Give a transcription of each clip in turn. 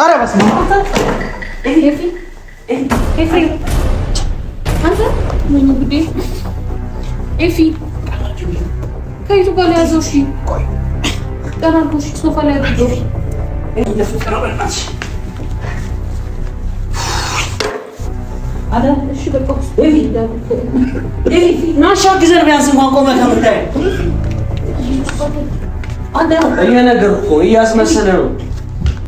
አረ በስመ አብ ኤፊ ከይቱ ጋር ያዘው። እሺ ጠራልኩሽ፣ ሶፋ ላይ አድርገው። እሺ በቃ ናሻ ግዘር ቢያንስ ማቆመ ከምታይ አንተ እየነገርኩህ እኮ እያስመሰለ ነው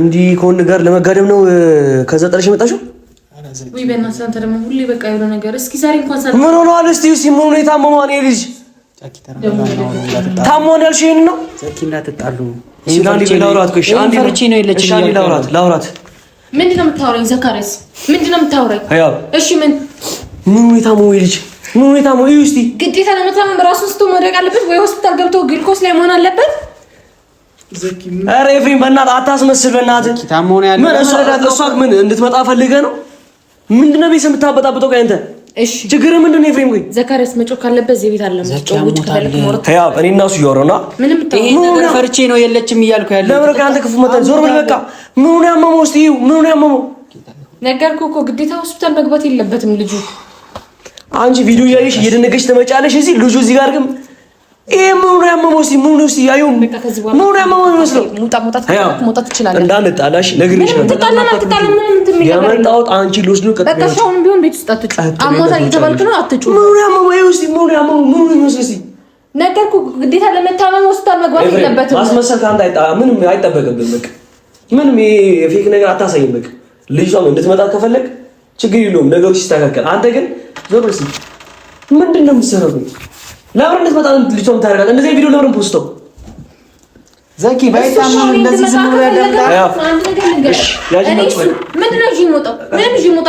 እንዲህ ከሆነ ጋር ለመጋደም ነው ከዛ ጠለሽ የመጣሽው? ወይ በእናትህ አንተ ደግሞ ሁሌ ነገር እስኪ ዛሬ እንኳን ሳል ምን ሆኖ አለ እስቲ እስቲ ምን ሁኔታ ምን ሆነ ልጅ ታሞ ነው ያልሽ? ይሄን ነው ዛኪ እንዳትጣሉ ላውራት። ምንድን ነው የምታወራኝ? ዘካሪያስ ምንድን ነው የምታወራኝ? እሺ ምን ምን ሁኔታ ነው ልጅ ምን ሁኔታ ነው? እዩ እስቲ ግዴታ ለመታመም ራሱን ስቶ መውደቅ አለበት ወይ ሆስፒታል ገብቶ ግልኮስ ላይ መሆን አለበት ኧረ ኤፍሬም በእናትህ አታስመስል። በእናትህ ምን እንድትመጣ ፈልገህ ነው? ምንድን ነው ቤት የምታበጣብጠው? ቆይ አንተ ችግር ምንድን ነው ኤፍሬም? ቆይ ዘካሪያስ መጮህ ካለበት እዚህ ቤት አለ። እኔ እና እሱ እያወራሁ ነው። ፈርቼ ነው የለችም እያልኩ ያለው አንተ ክፉ መተን ዞር በል በቃ። ምኑ ነው ያመመው? እስኪ ምኑ ነው ያመመው? ነገርኩህ እኮ ግዴታ ሆስፒታል መግባት የለበትም ልጁ። አንቺ ቪዲዮ እያየሽ እየደነገሽ ትመጫለሽ እዚህ ልጁ እዚህ ጋር ግን ይሄ መኖሪያ መሞሲ መሞሲ ያዩ መኖሪያ መሞሲ መስለው ሙጣ ሙጣ ሙጣ ትችላለህ። እንዳንጣላሽ ነግሬሻለሁ። ያመጣሁት አንቺ ልወስድ ነው። ቀጥታሽውን ቢሆን ቤት ውስጥ አትጩ። አሞታል እየተባልክ ነው። አትጩ። መኖሪያ መሞሲ መኖሪያ መሞሲ ነገርኩህ። ግዴታ ለመታመም ሆስፒታል መግባት የለበትም። ማስመሰል ከአንተ ምንም አይጠበቅብህም። በቃ ምንም የፌክ ነገር አታሳይም። በቃ ልጅቷም እንድትመጣ ከፈለግ ችግር የለውም። ነገሮች ሲስተካከል አንተ ግን ዞር እስኪ ምንድን ነው የምትሰራው? ለምን እንደዚህ በጣም ልጅቷን ታደርጋለህ? እንደዚህ ቪዲዮ ለምን ፖስቶ ዘኪ እንደዚህ ዝም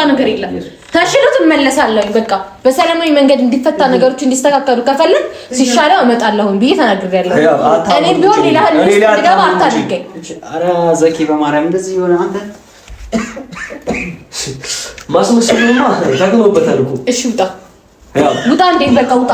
ነገር የለም ተሽሎት እመለሳለሁ። በቃ በሰላማዊ መንገድ እንዲፈታ ነገሮች እንዲስተካከሉ ከፈለን ሲሻለው እመጣለሁ ብዬ ተናግሬያለሁ። እኔ ቢሆን ሌላ አታድርገኝ። ዘኪ እንደዚህ አንተ እሺ ውጣ ውጣ፣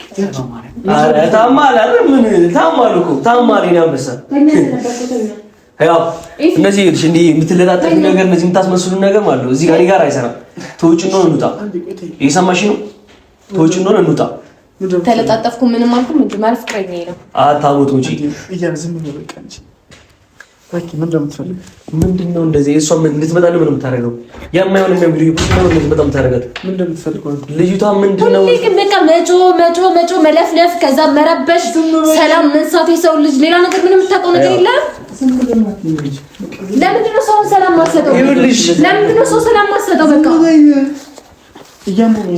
ታማል እነዚህ ልጅ እንዲህ የምትለጣጠፍ ነገር እነዚህ የምታስመስሉ ነገር ማለት ነው። እዚህ ጋር ጋር አይሰራም። ተውጭ እንደሆነ እንውጣ። እየሰማሽ ነው? ተውጭ እንደሆነ እንውጣ። ተለጣጠፍኩ ምንም አልኩም እንጂ ማለት ፍቅረኛ ነው። አታቦት ውጪ ምን እንደምትፈልግ ምንድን ነው እንደዚህ? እሷ እንድትመጣ ነው የምታደርገው? የማይሆን የሚያምዱ ነው እንድትመጣ የምታደርጋት ምን እንደምትፈልግ ልጅቷ ምንድን ነው? በቃ መጮ መጮ መጮ መለፍለፍ፣ ከዛ መረበሽ፣ ሰላም መንሳት፣ የሰው ልጅ ሌላ ነገር ምንም የምታውቀው ነገር የለም። ለምንድን ነው ሰውን ሰላም ማሰጠው? ለምንድን ነው ሰው ሰላም ማሰጠው? በቃ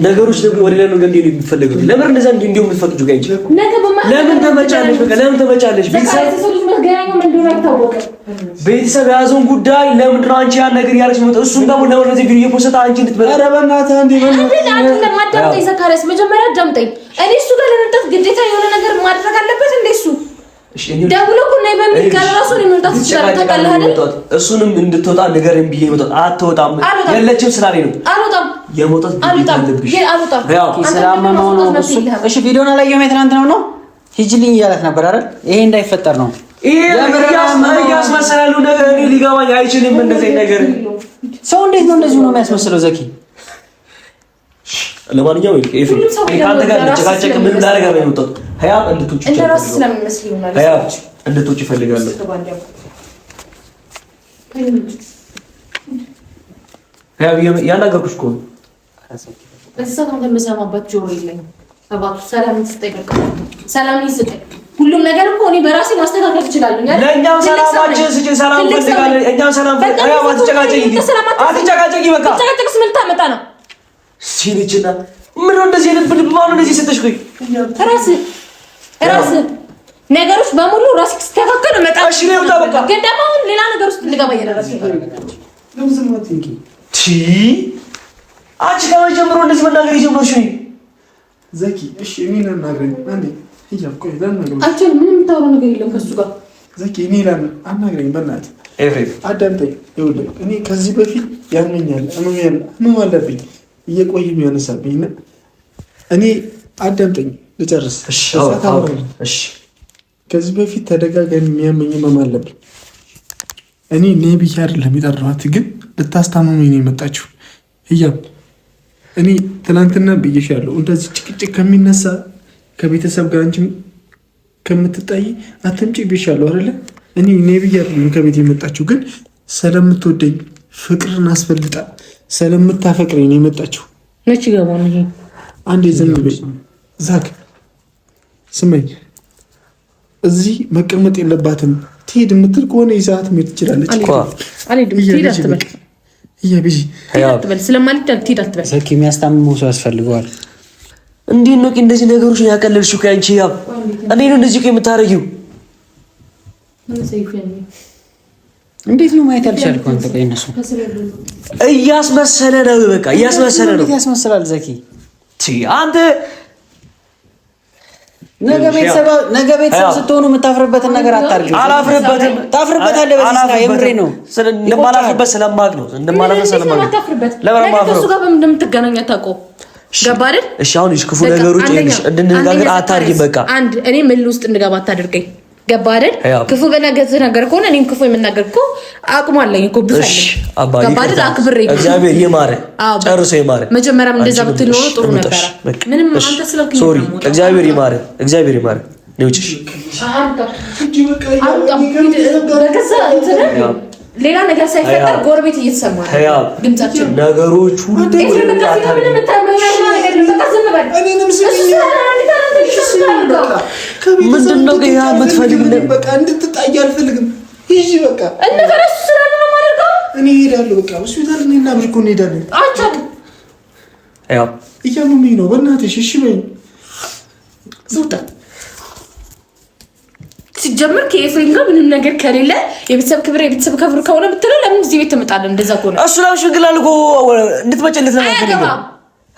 ነገሮች ደግሞ ወደ ሌላ መንገድ እንዲሆን ነው። ለምን እንደዛ እንዲሆን የምትፈቅጁ ጋር ለምን ተመጫለሽ? በቃ ለምን ተመጫለሽ? ቤተሰብ የያዘውን ጉዳይ ለምንድን ነው አንቺ ያን ነገር ያለች መጣ? እሱን ደግሞ ለምን እንደዚህ ቪዲዮ ፖስት አንቺ እንድትበላ? ኧረ በእናትህ አንዴ ነው መጀመሪያ ዳምጠኝ። እኔ እሱ ጋር ለመምጣት ግዴታ የሆነ ነገር ማድረግ አለበት እንደ እሱ ደውሎ እኮ ነይ በሚል እራሱ እኔ መምጣት ታውቃለህ አይደል? እሱንም እንድትወጣ ንገረኝ ብዬ አትወጣም፣ የለችም ስላለኝ ነው። አልወጣም፣ የመውጣት ስላመመው ነው እሱ። እሺ፣ አላየሁም። የትናንት ነው ነው ሂጂልኝ ነበር አይደል? ይሄ እንዳይፈጠር ነው እያስመሰላሉ ነገር። እኔ ሊገባኝ አይችልም። እንደዚህ ነገር ሰው እንዴት ነው እንደዚሁ ነው የሚያስመስለው? ዘኪ ለማንኛውም ከአንተ ጋር እንጨቃጨቅ ምን እንዳደረገ ነው የመጣሁት። ህያብ ይሆናል። ህያብ እንድትወጪ እፈልጋለሁ። ህያብ ያናገርኩሽ እኮ ነው። ሁሉም ነገር እኮ እኔ በራሴ ማስተካከል እችላለሁ። ለእኛም ሰላማችን ስጭን፣ ሰላም ፈልጋለን። እኛም ሰላም ፈልጋለን። አትጨቃጨቂ፣ አትጨቃጨቂ። በቃ ጨቅጭቅስ ምን ታመጣ ነው? ሲል ይችላል። ምን ነው እንደዚህ አይነት ፍርድ ማለት እንደዚህ ሰጠሽ? ቆይ ራስህ ራስህ ነገሮች በሙሉ ራስህ ስትስተካከል መጣ። እሺ ነው ወጣ። በቃ ግን ደግሞ አሁን ሌላ ነገር ውስጥ ልገባ እየደረስኩ ነው። አንቺ ከመጀመሩ እንደዚህ መናገር የጀመርሽው ዘኪ። እሺ እኔ እናግረኝ አንዴ። ይያም ቆይ ለምን አንቺ ምን የምታወራው ነገር የለም ከሱ ጋር ዘኪ። እኔ ለምን አናግረኝ በእናት ኤፍሬም አዳምጠኝ። ይኸውልህ እኔ ከዚህ በፊት ያመኛል፣ ህመም አለብኝ እየቆይም የሆነሳብኝና እኔ አዳምጠኝ ልጨርስ። ከዚህ በፊት ተደጋጋሚ የሚያመኝ ህመም አለብኝ። እኔ ነይ ብዬ አይደለም የጠራኋት፣ ግን ልታስታመመኝ ነው የመጣችው። ህያብ እኔ ትናንትና ያለው እንደዚህ ጭቅጭቅ ከሚነሳ ከቤተሰብ ጋር አንቺም ከምትጣይ አትምጪ ያለው አይደለ? እኔ ነይ ብዬ አይደለም ከቤት የመጣችው፣ ግን ስለምትወደኝ ፍቅርን አስፈልጣ ስለምታፈቅረኝ ነው የመጣችው። መች ገባን? ይሄ አንዴ ዝም በይ ዛክ፣ ስመኝ እዚህ መቀመጥ የለባትም ትሄድ የምትል ከሆነ የሰዓት ሜት ትችላለች። ሰኪ የሚያስታምመው ሰው ያስፈልገዋል። እንዴት ነው እንደዚህ ነገሮች ያቀለልሽው? አንቺ ያ እንዴት ነው እንደዚህ የምታረጊው? እንዴት ነው ማየት ያልቻልከው? አንተ ቆይ እነሱ እያስመሰለ ነው፣ በቃ እያስመሰለ ነው። ያስመስላል ዘኪ አንተ ነገ ቤተሰብ ስትሆኑ የምታፍርበትን ነገር አታርግ። አላፍርበትም። ታፍርበታለህ። በዚህ ስራ የምሬ ነው። እንደማላፍርበት ስለማውቅ ነው። እንደማላፍርበት ስለማውቅ ነው። ከእሱ ጋር በምን እንደምትገናኝ አታውቀውም። ገባህ አይደል? እሺ አሁን ክፉ ነገሮች እንድንነጋገር አታርጊ። በቃ አንድ እኔ ምን ውስጥ እንድገባ አታደርገኝ ገባ አይደል? ክፉ በነገር ነገር ከሆነ እኔም ክፉ የምናገር እኮ አቅሙ አለኝ እኮ ብዙ አክብሬ እግዚአብሔር ይማረ ጨርሶ ይማረ። መጀመሪያም እንደዛ ብትል ኖሮ ጥሩ ነበረ። ምንም አንተ ስላልክ ሶሪ። እግዚአብሔር ይማረ፣ እግዚአብሔር ይማረ። ልውጭሽ ሌላ ነገር ሳይፈጠር ጎረቤት እየተሰማ ድምጻችን ነገሮች ሁሉ ምንድን ነው የምትፈልግ? በቃ እንድትጣይ አልፈልግም። ይዤ በቃ እንደፈረሱ ስላለ ነው የማደርገው። እኔ እሄዳለሁ። በቃ ሆስፒታል እኔና ብርኮ እንሄዳለን። እያመመኝ ነው። በእናትሽ እሺ በይኝ። ዝውጣ ሲጀምር ከኤፍሬም ጋር ምንም ነገር ከሌለ የቤተሰብ ክብር የቤተሰብ ክብር ከሆነ ብትለው ለምን እዚህ ቤት ትመጣለህ? እንደዛ ከሆነ እሱ ላሽ ግላልጎ እንድትመጭለት ነው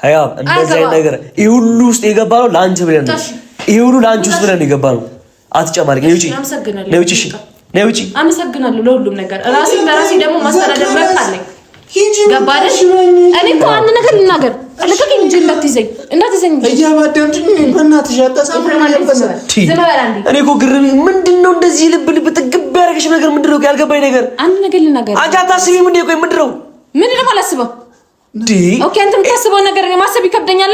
ሀያብ እንደዚህ አይነት ነገር ይህ ሁሉ ውስጥ የገባ ነው ለአንቺ ብለን ነው። ይህ ሁሉ ለአንቺ ውስጥ ብለን ነው የገባ ነው። አትጨማሪ። ነይ ውጪ፣ ነይ ውጪ፣ ነይ ውጪ። አመሰግናለሁ ለሁሉም ነገር። ራሴ በራሴ ደግሞ ማስተዳደር መብት አለኝ። ገባለሽ? እኔ እኮ አንድ ነገር ልናገር፣ ልቀቀኝ እንጂ እንዳትይዘኝ፣ እንዳትይዘኝ። እኔ እኮ ግርም ምንድን ነው እንደዚህ ልብ ልብ ጥግብ ያደረገሽ ነገር ምንድን ነው? ያልገባኝ ነገር አንድ ነገር ልናገር። አንቺ አታስቢም እንዴ? ቆይ ምንድን ነው ምንድን ነው አላስበው ኦኬ፣ አንተ የምታስበው ነገር ማሰብ ይከብደኛል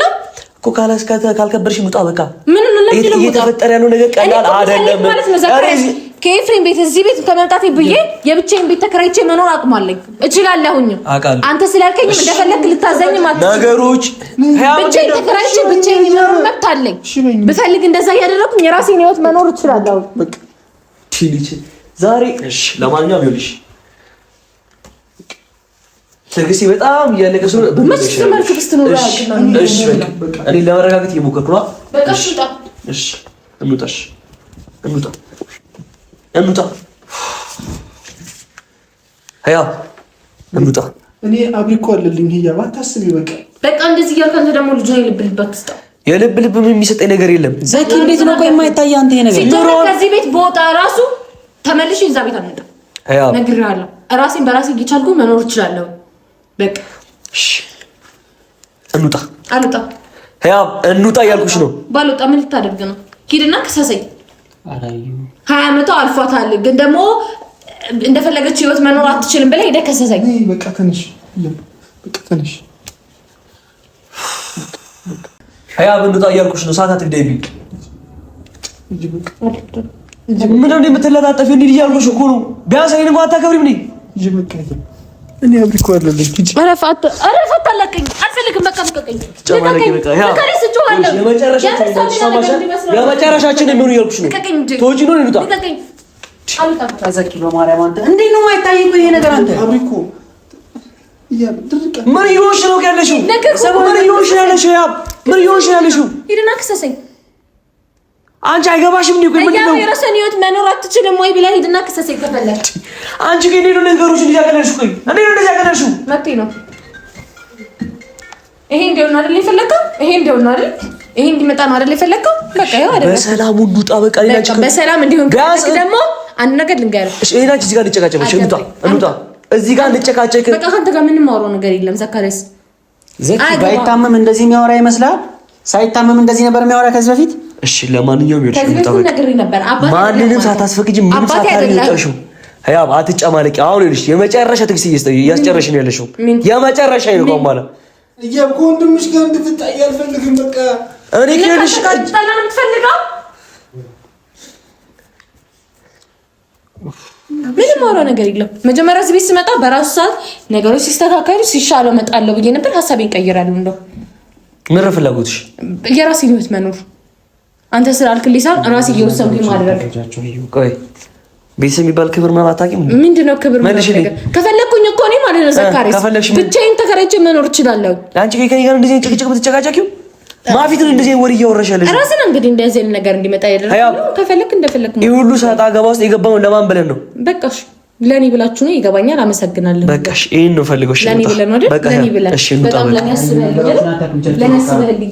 እኮ። ካልከበድሽ ውጣ። በቃ ምን እየተፈጠረ ያለው ነገር ቀላል አይደለም። ከኤፍሬም ቤት እዚህ ቤት ከመምጣቴ ብዬ የብቻዬን ቤት ተከራይቼ መኖር አቅማለኝ እችላለሁኝ። አንተ ስላልከኝ እንደፈለክ ልታዘኝ ማለት ነገሮች ብቻዬን ተከራይቼ ብቻዬን መኖር መብት አለኝ። ብፈልግ እንደዛ እያደረኩኝ የራሴን ህይወት መኖር እችላለሁ። ዛሬ ለማንኛውም ይኸውልሽ ትዕግስት በጣም እያለቀሰ ነው። በመች ተመልክ ብስትኖር እኔ ለመረጋጋት እየሞከርኩ ነው። እንውጣ። እኔ አብሪኮ አለልኝ አለልኝ። ባታስብ በቃ በቃ እንደዚህ እያልክ አንተ ደግሞ ልጁን የልብ ልብ አትስጣው። የልብ ልብ የሚሰጠኝ ነገር የለም ዘኪ። እንዴት ነው ቆይ የማይታየህ አንተ? ይሄ ነገር ከዚህ ቤት በወጣ ራሱ ተመልሼ እዛ ቤት አልመጣም ነግሬሃለሁ። ራሴን በራሴ እየቻልኩ መኖር እችላለሁ በቃ እሺ፣ እንውጣ። አልወጣም። ህያብ እንውጣ እያልኩሽ ነው። ባልወጣ ምን ልታደርግ ነው? ሂድና ክሰሰኝ። ሀያ አመቷ አልፏታል፣ ግን ደግሞ እንደፈለገች ህይወት መኖር አትችልም ብለህ ሄደህ ከሰሰኝ። በቃ ትንሽ በቃ ትንሽ ህያብ እንውጣ እያልኩሽ ነው። ሰዓታት ግደይብኝ ምንም የምትለጣጠፊው እንሂድ እያልኩሽ እኮ ነው። ቢያንስ እኔን እንኳን አታከብሪም። እኔ አብሪኮ አይደለም እንጂ አረፋት አረፋት አላቀኝ አልፈልግም። በቃ ልቀቀኝ። የመጨረሻችን የሚሆኑ እያልኩሽ ነው። ተወጪ ነው እንዴ? በማርያም ነው የማይታየው ይሄ ነገር አንተ አብሪኮ ምን እየሆንሽ ነው ያለሽው? ምን እየሆንሽ ነው ያለሽው? ሂድና ክሰሰኝ አንቺ አይገባሽም ነው ግን ምንድነው? የራስህን ህይወት መኖር አትችልም ወይ ብለህ ሂድና ክሰስ ይከፈለክ። አንቺ ግን ነው ነገሮች እንዲያገለሹ ቆይ እኔ ነው እንዲያገለሹ መጥቶ ነው ይሄ ነው አይደል የፈለከው? ይሄ ነው አይደል? ይሄ እንዲመጣ ነው አይደል የፈለከው? በቃ ይሄ አይደል? በሰላም ሁሉ ጣበቃ ላይ በሰላም እንዲሆን ከፈለክ ደግሞ አንድ ነገር ልንገርህ። እሺ ይሄ ናችሁ እዚህ ጋር ልጨቃጨቅሽ እንውጣ እንውጣ። እዚህ ጋር ልጨቃጨቅ በቃ ከአንተ ጋር ምንም አውራው ነገር የለም። ዘካሪያስ ዘኪ ባይታመም እንደዚህ የሚያወራ ይመስላል። ሳይታመም እንደዚህ ነበር የሚያወራ ከዚህ በፊት እሺ ለማንኛውም ይኸውልሽ፣ ማንንም ሳታስፈቅጂ ምንም ሳታደርጊ የወጣሽው ህያብ አትጨማለቂ። አሁን ይኸውልሽ የመጨረሻ ትግስት እያስጨረሽ ነው ያለሽው፣ የመጨረሻ ነው። ቆም ማለት ህያብ ከወንድምሽ ጋር እንድትጣይ አልፈልግም። በቃ እኔ ይኸውልሽ ምንም ማውራው ነገር የለም። መጀመሪያ እዚህ ቤት ስመጣ በራሱ ሰዓት ነገሮች ሲስተካከሉ ሲሻለው እመጣለሁ ብዬ ነበር። ሀሳቤን ቀይራለሁ። እንደው ምን ፍላጎትሽ? የራሴን ህይወት መኖር አንተ ስላልክልኝ ሳይሆን ራሴ እየወሰንኩኝ ማድረግ ቤተሰብ የሚባል ክብር ምናምን አታውቂም። ምንድን ነው ክብር? ከፈለግኩኝ እኮ እኔ ማለት ነው ዘካሪስ ብቻዬን ተከራይቼ መኖር እችላለሁ። አንቺ ከእኔ ጋር እንደዚህ ጭቅጭቅ ብትጨቃጨቂው ማፊትን እንደዚህ ወር እያወረሻለች ራስን እንግዲህ እንደዚህ ነገር እንዲመጣ ያደረገው ከፈለክ እንደፈለክ ይህ ሁሉ ሰጣ ገባ ውስጥ የገባው ለማን ብለን ነው? በቃሽ ለእኔ ብላችሁ ነው። ይገባኛል። አመሰግናለሁ። በቃሽ ይህን ነው ፈልገው ለእኔ ብለን ወደ ለእኔ ብለን በጣም ለእኔ አስበህልኝ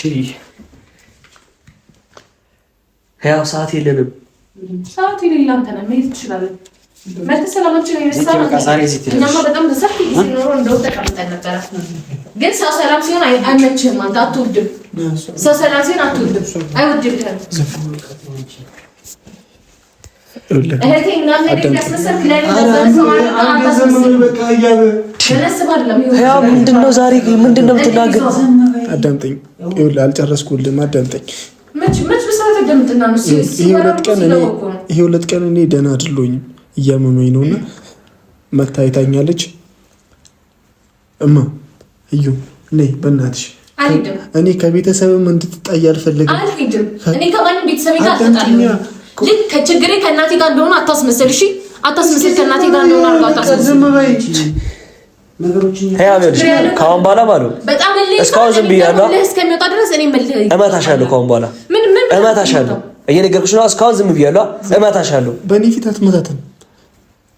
Şey. ሕያው ሰዓት የለንም። ሰዓት የሌለ አንተ ነህ። መሄድ ትችላለህ። መተህ ሰላማችን እኛማ በጣም በሰፊ ጊዜ ኖሮ እንደው ተቀምጠን ነበረ። ግን ሰው ሰላም ሲሆን አይመችህም። አንተ አትወድም። ሰው ሰላም ሲሆን አትወድም፣ አይወድልህም። እህቴ ምናምን ነገር ያስመሰልክ ላይ ያው ምንድነው ዛሬ ምንድነው የምትናገር? አዳምጠኝ፣ ይኸውልህ አልጨረስኩልህም። አዳምጠኝ። ይሄ ሁለት ቀን እኔ ደህና አይደለሁም፣ እያመመኝ ነው እና መታይታኛለች። እማ እዩ ነይ በእናትሽ እኔ ከቤተሰብም እንድትጣይ አልፈልግም። እኔ ከማንም ቤተሰብ ጋር አልጣጣልኝ። ልክ ከችግሬ ከእናቴ ጋር እንደሆነ አታስመስል፣ እሺ? አታስመስል። ከእናቴ ጋር እንደሆነ አድርገው አታስመስል። ነገሮችን ከአሁን በኋላ ማለት እስካሁን ዝም ብያለሁ። እመታሻለሁ። ከአሁን በኋላ ምን ምን እመታሻለሁ። እየነገርኩሽ ነው። እስካሁን ዝም ብያለሁ። እመታሻለሁ። በእኔ ፊት አትመታትም።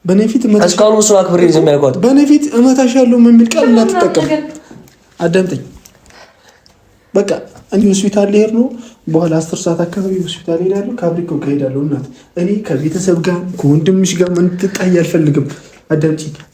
በእኔ ፊት እስካሁን እሱን አክብሬ ዝም ያልኳት በእኔ ፊት እመታሻለሁ የሚል ቃል እንዳትጠቀም። አዳምጠኝ። በቃ እኔ ሆስፒታል ልሄድ ነው። በኋላ አስር ሰዓት አካባቢ ሆስፒታል ሄዳለሁ። ከአብሪኮ ከሄዳለሁ እናት እኔ ከቤተሰብ ጋር ከወንድምሽ ጋር ምን ምንትጣይ አልፈልግም። አዳምጪኝ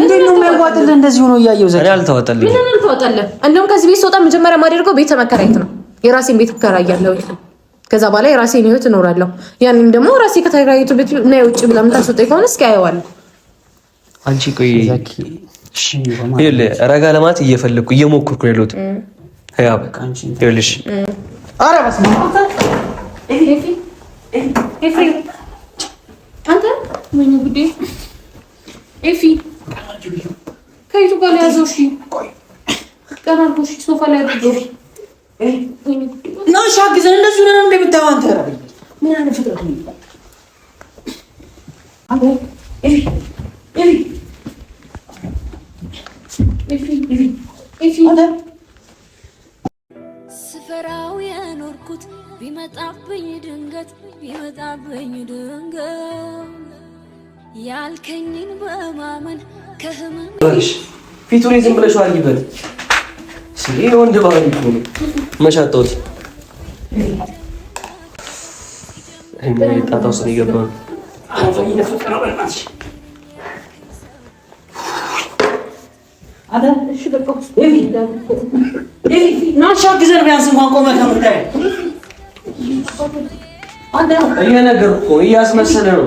እንዴት ነው የሚያዋጥልህ? እንደዚህ ሆኖ እያየሁ ዘ አልተዋጠልኝ። ምንም አልተዋጠልህ። እንደውም ከዚህ ቤት ስወጣ መጀመሪያ የማደርገው ቤት መከራየት ነው። የራሴን ቤት እከራያለሁ። ከዛ በኋላ የራሴን ህይወት እኖራለሁ። ያንን ደግሞ ራሴ ከተከራየቱ ቤት እና የውጭ ብላ የምታስወጣኝ ከሆነ እስኪ አየዋለሁ። አንቺ ቆይ ረጋ ለማለት እየፈለግኩ እየሞክርኩ ነው ያለሁት። ይኸውልሽ ኤፊ ከይቱ ጋር ያዘው። እሺ ቀናልኩ። እሺ ሶፋ ላይ አድርገው ነው እሺ። አግዘን እንደዚህ ሆነን እንደምታየው አንተ ምን አይነት ፍጥረት ነው? ስፈራው የኖርኩት ቢመጣብኝ ድንገት ቢመጣብኝ ድንገት ያልከኝን በማመን ፊቱን ዝም ብለሽ አርጊበት። ይሄ ወንድ ባህሪ እኮ ነው። መሻጣውት እና የጣጣው ስን ይገባ እየነገርኩህ እኮ እያስመሰለ ነው።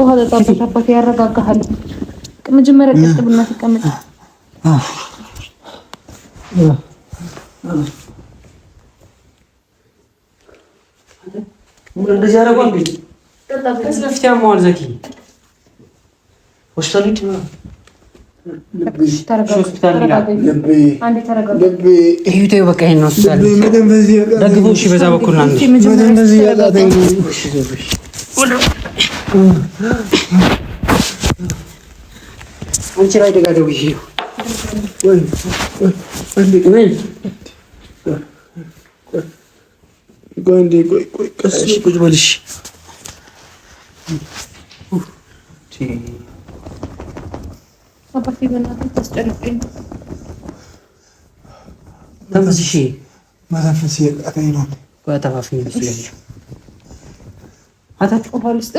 ውሃ ጠጣበት አባቴ፣ ያረጋጋሃል። መጀመሪያ ቀጥ ብና ሲቀመጥ እንደዚህ ያደረጓ እንዴ? ከዚህ በፊት ያመዋል። ዘኪ ሆስፒታል ሂድ፣ ሆስፒታል ሂድ። በቃ በዛ በኩል አንቺ ላይ ደጋደው ይሄ ወይ ወይ ቆንዴ ቆይ ቆይ ቀስ ቁጭ በልሽ። አታጥቆፋል ውስጥ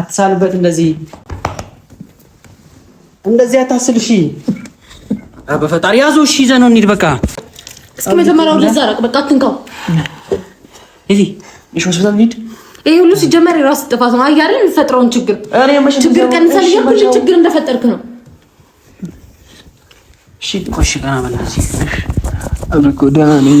አትሳልበት። እንደዚህ እንደዚህ አታስል። እሺ፣ በፈጣሪ ያዙ። እሺ፣ ይዘህ ነው እንሂድ። በቃ እስኪ መጀመሪያ ወደዛ ራቅ። በቃ አትንካው። እዚ እሺ፣ ሆስፒታል እንሂድ። ይሄ ሁሉ ሲጀመር የራስ ጥፋት ነው። አያሪ የሚፈጥረውን ችግር ችግር ቀንሰል ሁሉ ችግር እንደፈጠርክ ነው። እሺ፣ ቆይ እሺ፣ ቀና እሺ፣ አብቆ ደህና ነኝ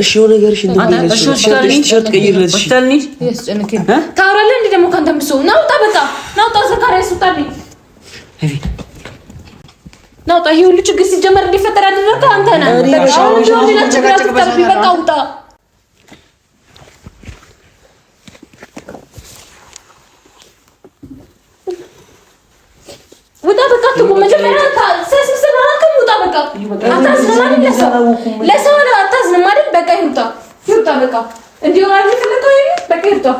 እሺ የሆነ ነገር እሺ፣ ናውጣ፣ ይሄ ሁሉ ችግር ሲጀመር እንዲፈጠር ያደረገው አንተ ነህ። በቃ ውጣ ውጣ በቃ ትቁም። መጀመሪያ ውጣ ለሰው በቃ ይውጣ፣ በቃ እንዲሁ በቃ ይውጣ።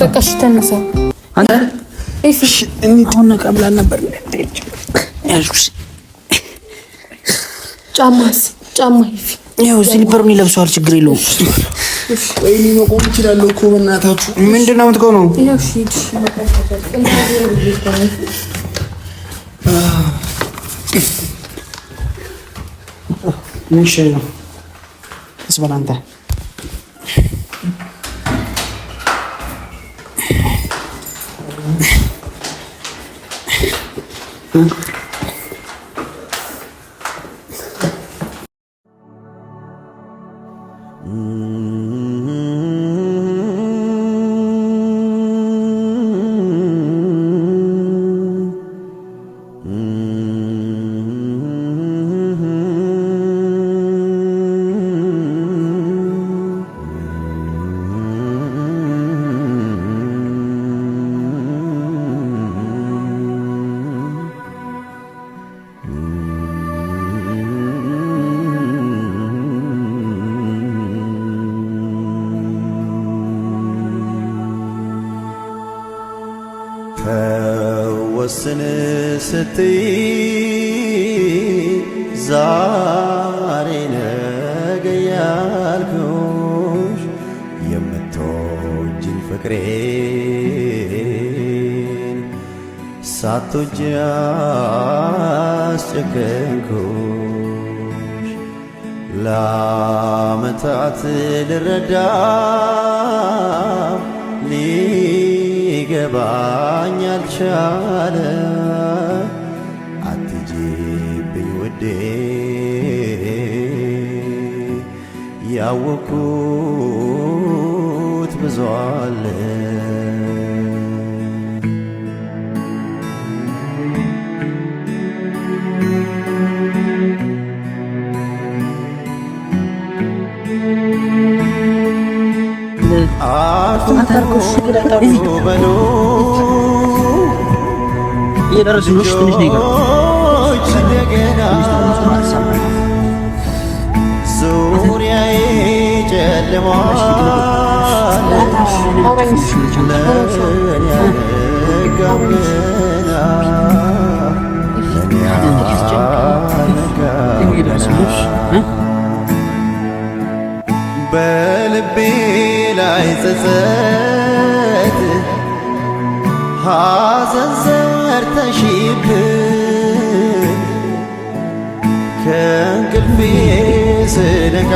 በቃ እሺ፣ ተነሳ አንተ። እሺ፣ አሁን ቀብላ ነበር ጫማስ? ጫማ ይኸው ሲሊፐሩን ይለብሰዋል። ችግር የለውም። ወይኔ መቆም እችላለሁ እኮ በእናታችሁ። ምንድን ነው የምትቆመው? ምን ሻይ ነው? 嗯。ተወስን ስትይ ዛሬ ነገ ያልኩሽ የምትወጂን ፍቅሬን ሳትወጂ አስጨከንኩሽ ለዓመታት ልረዳ ሊገባኝ አልቻለ። አትጅብኝ ውዴ ያወኩት ብዙ አለ በልቤ ላይ ጸጸት ሐዘን ዘር ተሽክ ከእንቅልፌ ስነቃ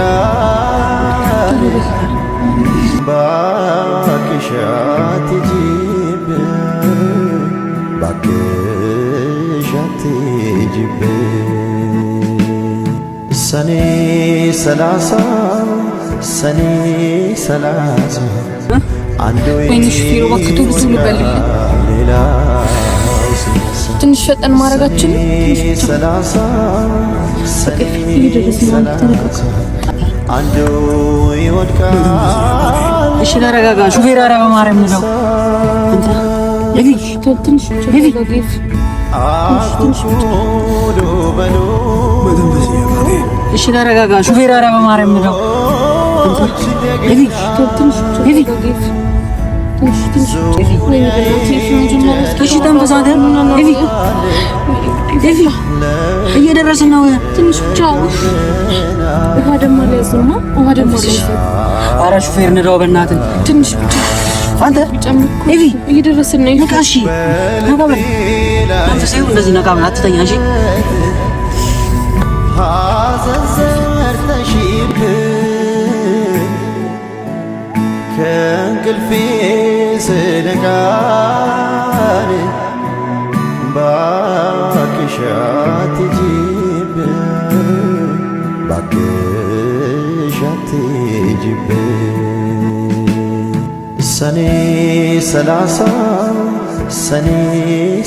ባክሽ አትሂጂብኝ ባክሽ አትሂጂብኝ ሰኔ ሰላሳ ሰኔ ሰላሳ አንዱ ወይ ሽፊሩ ወቅቱ ብዙ ትንሽ ፈጠን ማድረጋችን እሺ፣ ተረጋጋ። ሹፌር ኧረ በማርያም ነው። እሺ፣ ተረጋጋ። ሹፌር ኧረ በማርያም ነው። እየደረስን ነው። ትንሽ ብቻ ውሃ ደግሞ ሊያዝ ውሃ ደግሞ ሊያዝ ሹፌር ንዳው በእናትህ ትንሽ ብቻ አንተ ኤቪ እየደረስን ነው። ነቃ እሺ፣ ነቃ በል አንተ ሳይሆን እንደዚህ ነቃ በል አትተኛ እሺ። ሐዘን ሰርተሽብኝ እንቅልፌ ስነጋ ባክሽ አትሂጂብኝ ባክሽ አትሂጂብኝ ሰኔ ሰላሳ ሰኔ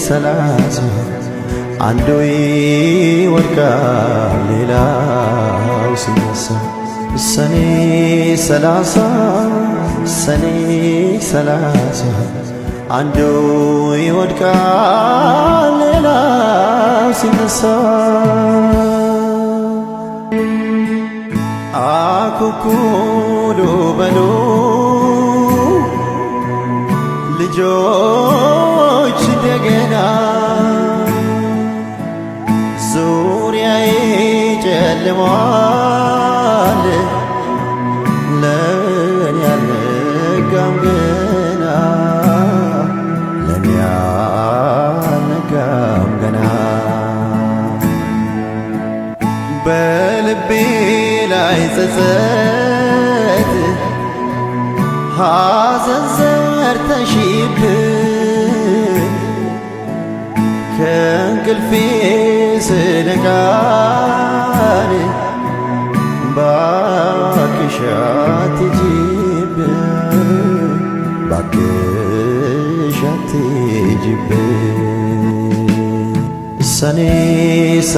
ሰላሳ አንዱ ይወድቃል ሌላው ሲነሳ ሰኔ ሰላሳ ሰኔ ሰላሳ አንዱ ይወድቃል ሌላው ሲነሳ አኩኩሉ በሉ ልጆች እንደገና ዙሪያዬ ጨልሟል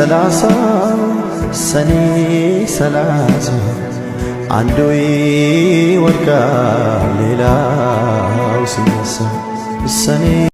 ሰላሳ ሰኔ ሰላሳ አንዱ ይወድቃል ሌላው ሲነሳ ሰኔ